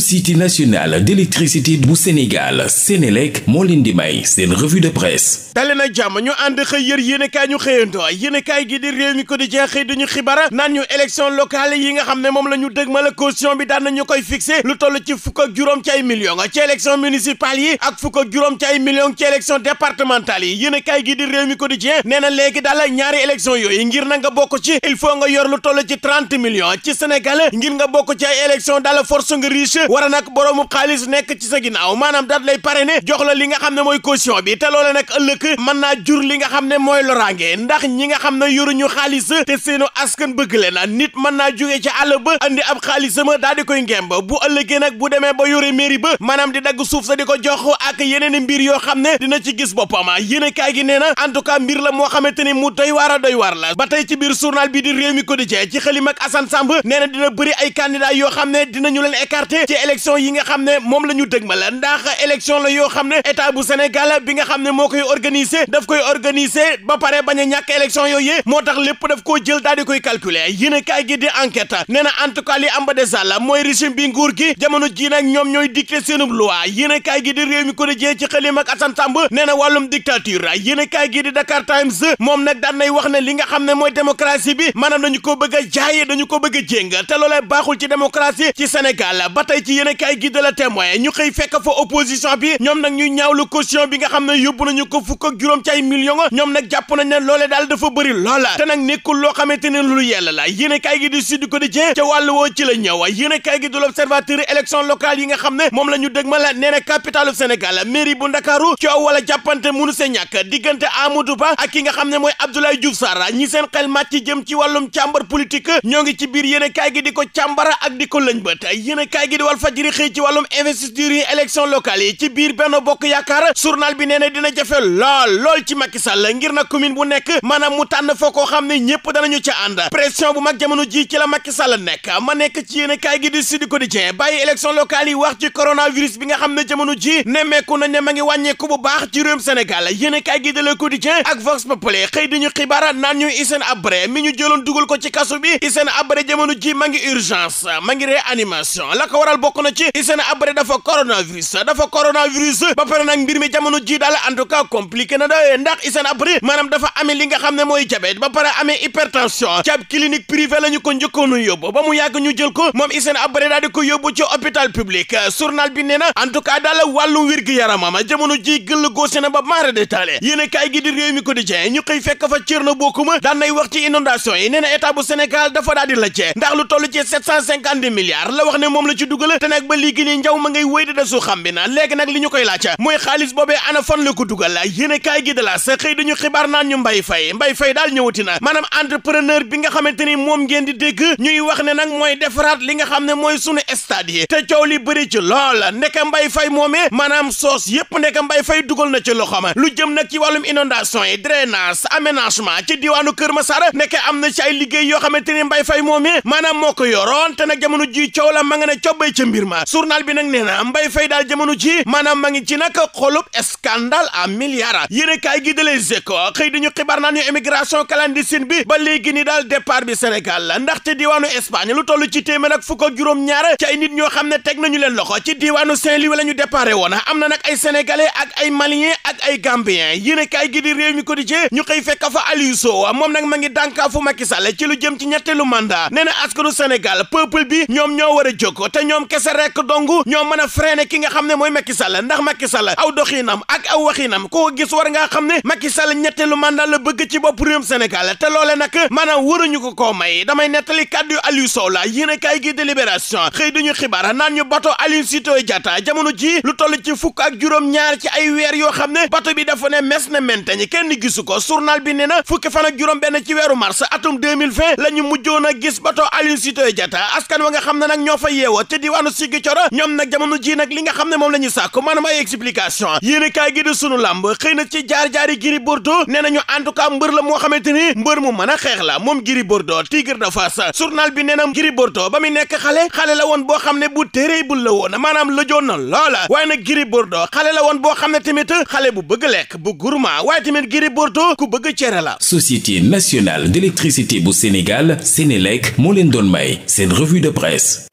société nationale d'électricité bu Sénégal Sénélec moo leen di may seen revue de presse dali na jàmm ñu ànd xëy yër yéenekaay ñu xëyanto yéenekaay gi di réew mi ko di jeex xibara naan ñu élection locale yi nga xam ne moom la ñu dëgmal caution bi daan nañu koy fixé lu toll ci fukk ak juróom ci ay millions ci élection municipale yi ak fukk ak juróom ci ay millions ci élection départementale yi yéenekaay gi di réew mi ko di jeex war nag boroomu xaalis nekk ci sa ginnaaw maanaam daat lay parrainé jox la li nga xam ne mooy caution bi te loole nag ëllëg mën naa jur li nga xam ne mooy loraange ndax ñi nga xam ne ñu xaalis te seenu askan bëgg leen nit mën naa jógee ci àll ba andi ab xaalisama daal di koy ngemb bu ëllëgee nag bu demee ba yore mairie ba maanaam di dagg suuf sa di ko jox ak yeneen mbir yoo xam ne dina ci gis boppam yéene kaay gi nee na en tout cas mbir la moo xamante ni mu doy waar a doy waar la ba tey ci biir journal bi di réew mi quotidien ci xëlim ak Assane na bëri ay candidat yoo xam ne dinañu leen écarté ci élection yi nga xam ne moom la ñu dëgmal ndax élection la yoo xam ne état bu Sénégal bi nga xam ne moo koy organiser daf koy organiser ba pare bañ a ñàkk élection yooyu moo tax lépp daf koo jël daal di koy calculer yéen a kaay gi di enquête nee na en tout cas li am ba des àll mooy régime bi nguur gi jamono ji nag ñoom ñooy dicté seenub loi yéen a kaay gi di réew mi ko di jee ci xëlim ak Assane Samb nee na wàllum dictature yéen a kaay gi di Dakar Times moom nag daan nay wax ne li nga xam ne mooy démocratie bi maanaam ko bëgg a ko bëgg a jéng te loolee baaxul ci démocratie ci Sénégal ba tey tey ci yéen a kaay gi de la témoin ñu xëy fekk fa opposition bi ñoom nag ñu ñaawlu caution bi nga xam ne yóbbu nañu ko fukk ak juróom ci ay millions ñoom nag jàpp nañ ne loolee daal dafa bëri loola te nag nekkul loo xamante ne lu yella la yéen a kaay gi di Sud Quotidien ca wàllu woo ci la ñëw yéen a gi de l'Observateur élection locale yi nga xam ne moom la ñu dëg ma la nee na capitalu Sénégal mairie bu Ndakaaru coow wala jàppante mënu sa ñàkk diggante Amadou Ba ak ki nga xam ne mooy Abdoulaye Diouf Sarr ñi seen xel màcc jëm ci wàllum càmbar politique ñoo ngi ci biir yéen kaay gi di ko càmbara ak di ko lëñbët yéen a kaay gi wal fajiri xëy ci wàllum investiture yi élection locale yi ci biir benn bokk yaakaar journal bi nee na dina jafe lool lool ci Macky Sall ngir na commune bu nekk maanaam mu tànn foo koo xam ne ñëpp danañu ca ànd pression bu mag jamono ji ci la Macky Sall nekk ma nekk ci yéen kaay gi di Sud Quotidien bàyyi élection locale yi wax ci coronavirus bi nga xam ne jamono ji nemmeeku nañ ne ma ngi wàññeeku bu baax ci réewum Sénégal yéen kaay gi de Le Quotidien ak Vox Populi xëy diñu xibaar naan ñu Hissène Habré mi ñu dugal ko ci kaso bi Hissène Habré jamono ji ma ngi urgence ma ngi réanimation la ko waral daal bokk na ci Hissène dafa coronavirus dafa coronavirus ba pare nag mbir mi jamono ji daal na de ndax Hissène Habré maanaam dafa amee li xam ne mooy diabète ba pare amee hypertension ci ab la ñu ko njëkkoonu yóbbu ba mu yàgg ñu jël ko moom Hissène Habré daal di ko yóbbu ci hôpital public journal bi nee na en tout cas daal wàllu wér gi yaramam goose na ba maara détaale yéen kaay gi di réew ko di jee ñu xëy fekk fa dugal te nag ba léegi nii njaw ma ngay wéy di desu xam bi na léegi nag li ñu koy laaj mooy xaalis boobee ana fan la ko dugal yéene kaay gi de la sa xëy dañu xibaar naan ñu mbay fay mbay fay daal ñëwati na maanaam bi nga xamante ni moom ngeen di dégg ñuy wax ne nag mooy defaraat li nga xam ne mooy sunu stade yi te coow li bëri ci lool ndeka mbay fay moomee maanaam soos yépp ndeka mbay fay dugal na ci loxoom lu jëm nag ci wàllum inondation yi drainage aménagement ci diwaanu Kër Masar ndeke am na ci ay liggéey yoo xamante ni mbay fay moomee maanaam ma nga ne cobbay ci mbir ma journal bi nag nee na Mbaye Faye daal jamono ji maanaam ma ngi ci nag xolub scandale à milliards yéene kaay gi dalee zeko xëy dañu xibaar naa ñu émigration clandestine bi ba léegi ni daal départ bi Sénégal la ndaxte diwaanu Espagne lu toll ci téeméer ak fukk juróom-ñaar ci ay nit ñoo xam ne teg nañu leen loxo ci diwaanu Saint-Louis la ñu déparé woon am na nag ay sénégalais ak ay maliens ak ay gambien yéene kaay gi di réew mi quotidien ñu xëy fekk fa Aliou Sow moom nag ma ngi dànkaafu Macky Sall ci lu jëm ci ñetteelu mandat nee na askanu Sénégal peuple bi ñoom ñoo war a jóg te ñoom ñoom kese rek dong ñoo mën a freiné ki nga xam ne mooy Macky a ndax Macky Sall aw doxiinam ak aw waxinam ko gis war ngaa xam ne Macky Sall ñetteelu mandat la bëgg ci bopp réewum Sénégal te loole nag maanaam waruñu ko koo may damay nettali kàddu yu Aliou Sow la yéen a kaay gi délibération xëy duñu xibaar naan ñu bato Aline Sitoé Diatta jamono ji lu toll ci fukk ak juróom-ñaar ci ay weer yoo xam ne bato bi dafa ne mes na menteñ kenn gisu ko journal bi nee na fukki fan ak juróom ci weeru mars atum 2020 la ñu mujjoon gis bato Aline wa nga xam ne nag ñoo fa diwaanu Ziguinchor ñoom jamono ji nag li nga xam ne moom la ñu sàkku maanaam ay explication yéen kaay gi xëy na ci jaar-jaari Gris Bordeaux nee nañu en mbër la moo xamante ne mbër mu mën a xeex la moom Gris Bordeaux Tigre de Fass journal bi nee na Gris Bordeaux ba mu nekk xale xale la woon boo xam ne bu téere bul la woon maanaam lëjoon na loola waaye nag Gris Bordeaux xale la woon boo xam ne tamit xale bu bëgg lekk bu gourmand waaye tamit Gris Bordeaux ku bëgg cere la Société nationale d'électricité bu Sénégal Sénélec moo leen doon may seen revue de presse